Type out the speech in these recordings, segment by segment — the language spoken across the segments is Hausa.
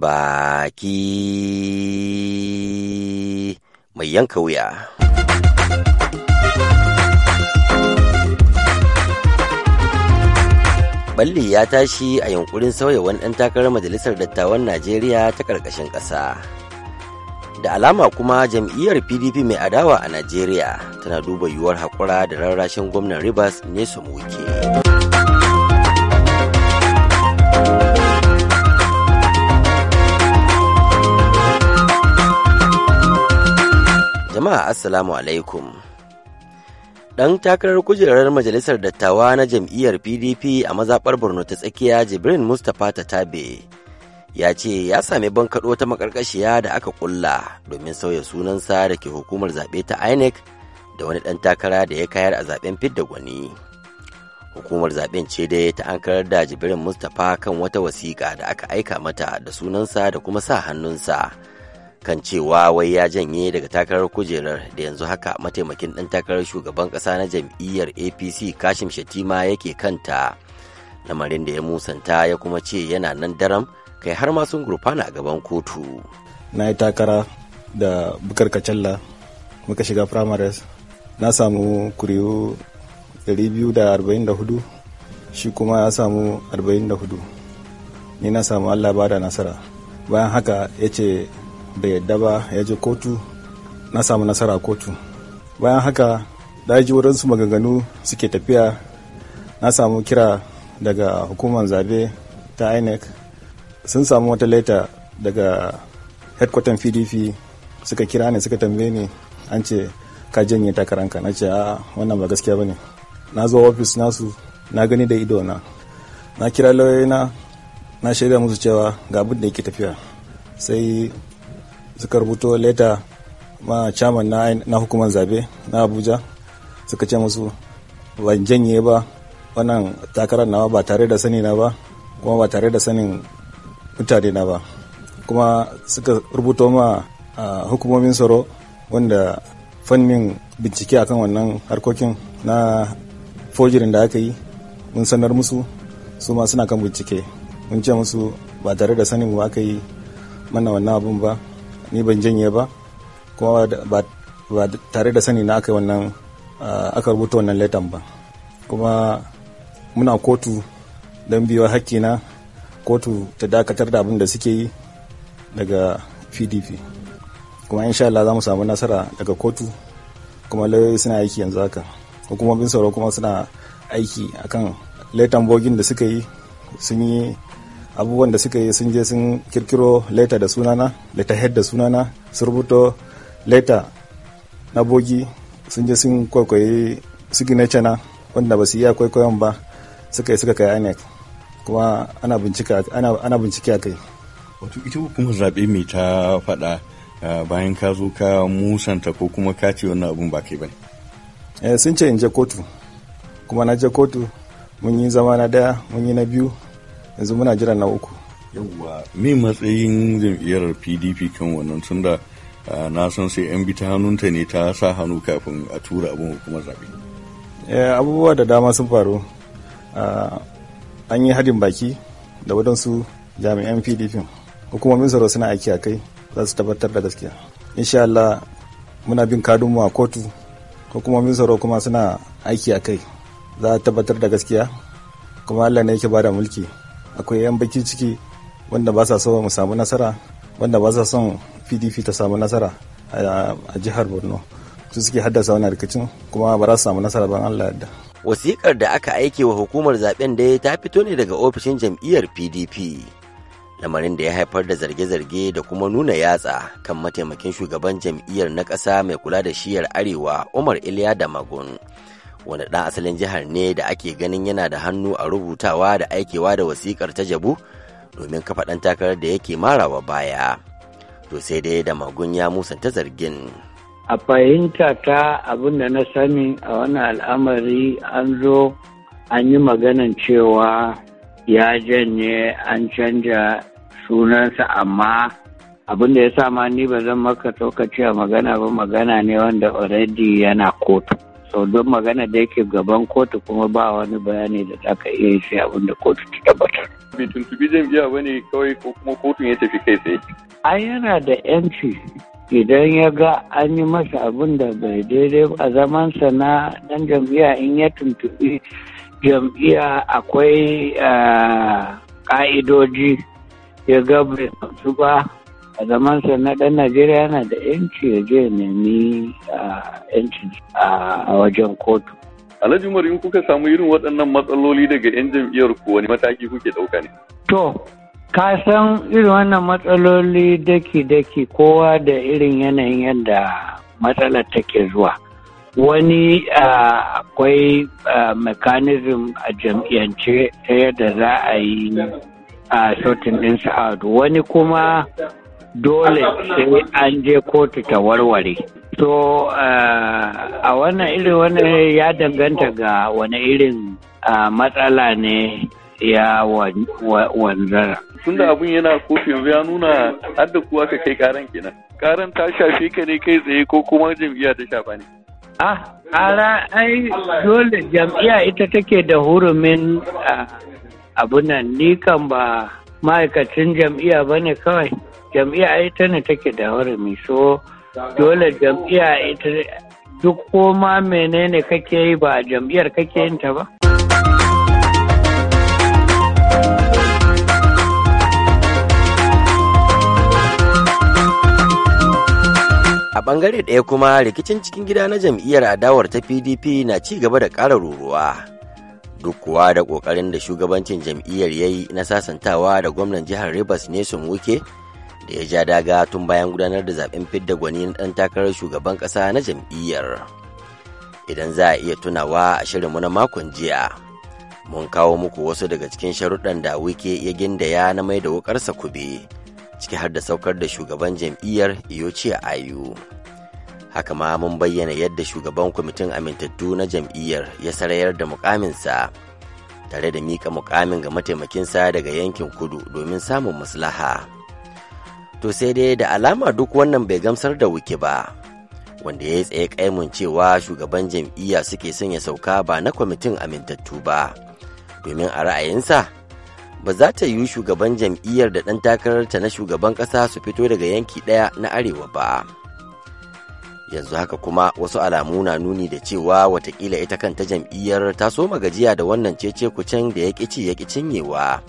baki mai yanka wuya. Balli ya tashi a yunkurin sauya wani ɗan takarar Majalisar Dattawan Najeriya ta ƙarƙashin ƙasa. Da alama kuma jam'iyyar PDP mai adawa a Najeriya tana duba yiwuwar haƙura da rarrashin gwamnan Rivers ne su muke. Jama'a Assalamu alaikum. Ɗan takarar kujerar Majalisar Dattawa na jam'iyyar PDP a mazaɓar Borno ta tsakiya Jibrin Mustapha Tabe ya ce ya sami bankaɗo ta makarƙashiya da aka ƙulla domin sauya sunansa da ke hukumar zaɓe ta INEC da wani ɗan takara da ya kayar a zaɓen fidda gwani. Hukumar zaɓen ce dai ta ankarar da Jibrin Mustapha kan wata wasiƙa da aka aika mata da sunansa da kuma sa hannunsa. kan cewa wai ya janye daga takarar kujerar da yanzu haka mataimakin ɗan takarar shugaban ƙasa na jam'iyyar apc kashim shatima yake kanta lamarin da ya musanta ya kuma ce yana nan daram kai har ma sun gurfana a gaban kotu na yi takara da bukar kacalla muka shiga primaries na samu kuriyu 244 shi kuma ya samu 44 ni na samu allah bada nasara bayan haka ya ce bai yadda ba ya je kotu na samu nasara kotu bayan haka daji wurinsu maganganu suke tafiya na samu kira daga hukumar zabe ta inec sun samu wata leta daga headquarter pdp suka kira ne suka tambaye ne an ce ka janye takaranka na ce a wannan ba gaskiya ba ne na zo ofis nasu na gani da ido na na kira lauyoyina na shaida musu cewa ga abin da yake tafiya sai suka rubuto leta ma chairman na, na hukumar zabe na abuja suka ce musu ban janye ba wannan takarar nawa ba tare da sani na ba kuma ba tare da sanin mutane na ba kuma suka rubuto ma hukumomin tsaro wanda fannin bincike akan wannan harkokin na fojirin da aka yi mun sanar musu su ma suna kan bincike mun ce musu ba tare da sanin mu aka yi mana wannan abun ba ni ban janye ba kuma ba tare da sani na aka wannan aka rubuta wannan letan ba kuma muna kotu don biyo hakkina kotu ta dakatar da abin da suke yi daga pdp kuma insha Allah za mu samu nasara daga kotu kuma lauyoyi suna aiki yanzu haka hukumomin tsaro kuma suna aiki akan letan bogin da suka yi sun yi abubuwan da suka yi sun je sun kirkiro leta da sunana leta head da sunana su rubuto leta na bogi sun je sun kwaikwayi signature na wanda ba su iya kwaikwayon ba suka yi suka kai inec kuma ana bincike a kai wato ita hukumar zaɓe mai ta faɗa bayan ka zo ka musanta ko kuma ka ce wannan abun ba kai ba eh, sun ce in je kotu kuma na je kotu mun yi zama na daya mun yi na biyu yanzu muna jiran na uku yawwa min matsayin jam'iyyar pdp kan wannan tunda na san sai yan bi ta hannunta ne ta sa hannu kafin a tura abin hukumar zaɓe eh, abubuwa da dama sun faru an yi hadin baki da waɗansu jami'an pdp hukumomin tsaro suna aiki a kai za su tabbatar da gaskiya insha Allah muna bin kadunmu a kotu hukumomin tsaro kuma suna aiki a kai za a tabbatar da gaskiya kuma Allah ne yake bada mulki akwai yan baki ciki wanda ba sa so mu samu nasara wanda ba sa son pdp ta samu nasara a jihar borno su suke haddasa wani rikicin kuma ba za su samu nasara ban allah yadda wasikar da aka aike wa hukumar zaben da ta fito ne daga ofishin jam'iyyar pdp lamarin da ya haifar da zarge-zarge da kuma nuna yatsa kan mataimakin shugaban jam'iyyar na ƙasa mai kula da shiyar arewa umar iliya da magun wani ɗan asalin jihar ne da ake ganin yana da hannu a rubutawa da aikewa da wasikar ta jabu domin kafa ɗan takarar da yake marawa baya to sai dai da magun ya musanta zargin a fahimta ta abin da na sani a wani al'amari an zo an yi maganan cewa ya janye an canja sunansa amma abin da ya sa ma ni ba zan maka tsokaci a magana ba magana ne wanda already yana kotu sau don magana da yake gaban kotu kuma ba wani bayani da za ka iya yi sai abin da kotu ta tabbatar. bai tuntubi jam'iyya ba ne kawai ko kuma kotun ya tafi kai tsaye. An yana da yanci idan ya ga an yi masa abin da bai daidai a zamansa na dan jam'iyya in ya tuntubi jam'iyya akwai ka'idoji eh, ya ga bai ba a zamansa na ɗan najeriya yana da yanci ya je nemi yanci a wajen kotu alhaji umar in kuka samu irin waɗannan matsaloli daga 'yan jam'iyyar ku wani mataki kuke ɗauka ne to ka san irin wannan matsaloli daki-daki kowa da irin yanayin yadda matsalar take zuwa wani akwai mechanism a jam'iyyance ta yadda za a yi a sautin ɗin Sa'adu, wani kuma dole sai an je kotu ta warware to uh, a wannan irin wannan ya danganta ga wani irin uh, matsala ne ya wanzara tunda abin yana kofi yanzu ya nuna adda kuwa ka kai karan kenan karan ta shafe ka ne kai tsaye ko kuma jam'iyya ta shafa ne ah ara ai dole jam'iyya ita take da hurumin uh, abunan ni kan ba ma'aikacin jam'iyya ba ne kawai jam'iyya ita ne take da harami so dole jam'iyya ita duk koma menene kake yi ba jam'iyar kake yin ta ba a bangare ɗaya kuma rikicin cikin gida na jam'iyyar adawar ta pdp na ci gaba da ƙara ruruwa duk kuwa da ƙoƙarin da shugabancin jam'iyyar ya yi na sasantawa da gwamnan jihar Rivers Nelson Wuke da ya ja daga tun bayan gudanar da zaben fidda gwani na ɗan takarar shugaban ƙasa na jam'iyyar. Idan za a iya tunawa a shirinmu na makon jiya, mun kawo muku wasu daga cikin sharuɗan da Wuke ya gindaya na mai da wukarsa kube, ciki har da saukar da shugaban jam'iyyar Iyoci Ayu. haka ma mun bayyana yadda shugaban kwamitin amintattu na jam'iyyar ya sarayar da mukaminsa tare da mika mukamin ga mataimakinsa daga yankin kudu domin samun maslaha to sai dai da alama duk wannan bai gamsar da wuke ba wanda ya yi tsaye kaimun cewa shugaban jam'iyya suke son ya sauka ba na kwamitin amintattu ba domin a ra'ayinsa ba za ta yiwu shugaban jam'iyyar da ɗan takararta na shugaban ƙasa su fito daga yanki ɗaya na arewa ba. yanzu haka kuma wasu alamu na nuni da cewa watakila ita kanta jam'iyyar ta soma gajiya da wannan cece kucin da ya kici ya cinyewa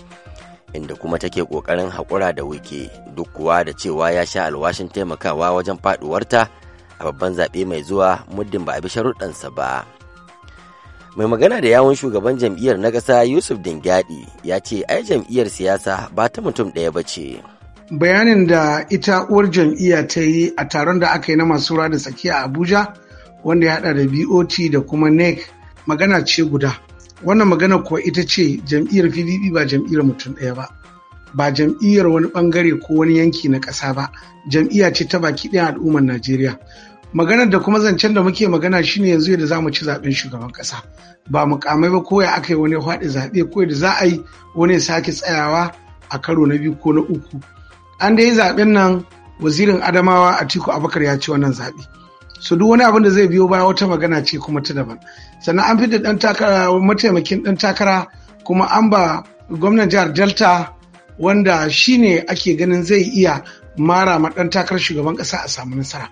inda kuma take kokarin haƙura da wike duk kuwa da cewa ya sha alwashin taimakawa wajen faɗuwarta a babban zaɓe mai zuwa muddin ba a bi sharuɗansa ba mai magana da yawon shugaban jam'iyyar na ƙasa yusuf dingadi ya ce ai jam'iyyar siyasa ba ta mutum ɗaya ba ce bayanin da ita uwar jam'iyya ta yi a taron da aka yi na masu da tsakiya a abuja wanda ya hada da bot da kuma nec magana ce guda wannan magana kuwa ita ce jam'iyyar pdp ba jam'iyyar mutum ɗaya ba ba jam'iyyar wani bangare ko wani yanki na ƙasa ba jam'iyya ce ta baki ɗaya al'ummar najeriya maganar da kuma zancen da muke magana shine yanzu yadda za mu ci zaɓen shugaban ƙasa, ba mukamai ba ko ya aka yi wani faɗi zaɓe ko da za a yi wani sake tsayawa a karo na biyu ko na uku an da yi zaɓen nan wazirin adamawa a tiku abakar ya ci wannan zaɓe so duk wani abin da zai biyo baya wata magana ce kuma ta daban sannan an fidda dan takara mataimakin ɗan takara kuma an ba gwamnan jihar delta wanda shine ake ganin zai iya mara ma ɗan takarar shugaban ƙasa a samu nasara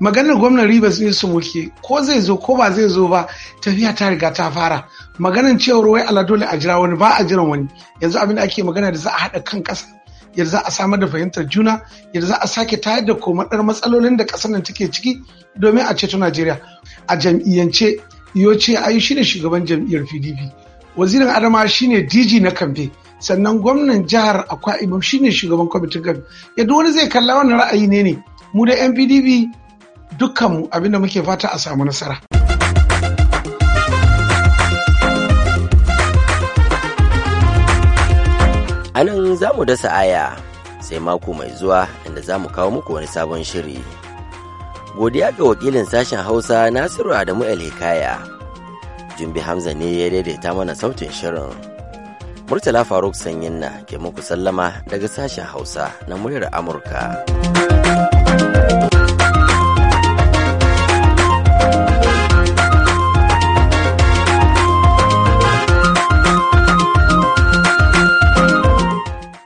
maganar gwamnan Ribas ne su muke ko zai zo ko ba zai zo ba tafiya ta riga ta fara maganar cewar wai ala dole a jira wani ba a jiran wani yanzu abin da ake magana da za a haɗa kan ƙasa yadda za a samar da fahimtar juna yadda za a sake tayar da komadar matsalolin da kasar nan take ciki domin a ceto najeriya a jam'iyyance yoce ayi shine shugaban jam'iyyar pdp wazirin adama shine dg na kamfe sannan gwamnan jihar akwa ibom shine shugaban kwamitin kamfe yadda wani zai kalla wannan ra'ayi ne ne mu da yan pdp dukkanmu abinda muke fata a samu nasara. A nan za mu dasa aya sai mako mai zuwa inda za mu kawo muku wani sabon shiri. Godiya ga wakilin sashen Hausa Nasiru Adamu Hikaya. Jumbi Hamza ne ya daidaita mana sautin shirin. Murtala Faruk Sanyin na ke muku sallama daga sashen Hausa na muryar Amurka.